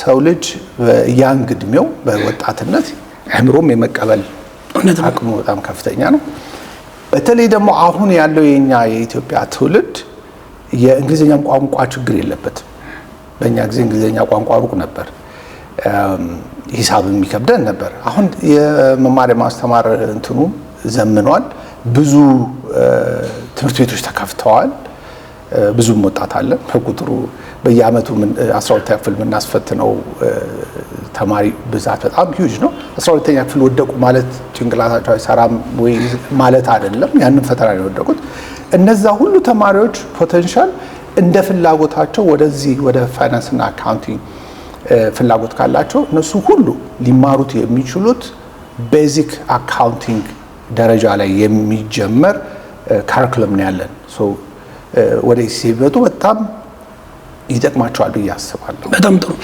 ሰው ልጅ ያንግ እድሜው በወጣትነት አእምሮም የመቀበል አቅሙ በጣም ከፍተኛ ነው። በተለይ ደግሞ አሁን ያለው የኛ የኢትዮጵያ ትውልድ የእንግሊዝኛ ቋንቋ ችግር የለበትም። በእኛ ጊዜ እንግሊዝኛ ቋንቋ ሩቅ ነበር፣ ሂሳብ የሚከብደን ነበር። አሁን የመማሪያ ማስተማር እንትኑ ዘምኗል። ብዙ ትምህርት ቤቶች ተከፍተዋል። ብዙም ወጣት አለ። ከቁጥሩ በየአመቱ አስራ ሁለተኛ ክፍል የምናስፈትነው ተማሪ ብዛት በጣም ሂውጅ ነው። አስራ ሁለተኛ ክፍል ወደቁ ማለት ጭንቅላታቸው አይሰራም ወይ ማለት አይደለም። ያንን ፈተና ነው የወደቁት። እነዛ ሁሉ ተማሪዎች ፖቴንሻል እንደ ፍላጎታቸው ወደዚህ ወደ ፋይናንስና አካውንቲንግ ፍላጎት ካላቸው እነሱ ሁሉ ሊማሩት የሚችሉት ቤዚክ አካውንቲንግ ደረጃ ላይ የሚጀመር ካሪኩለም ነው ያለን ወደዚህ ሲመጡ በጣም ይጠቅማቸዋል ብዬ አስባለሁ። በጣም ጥሩ።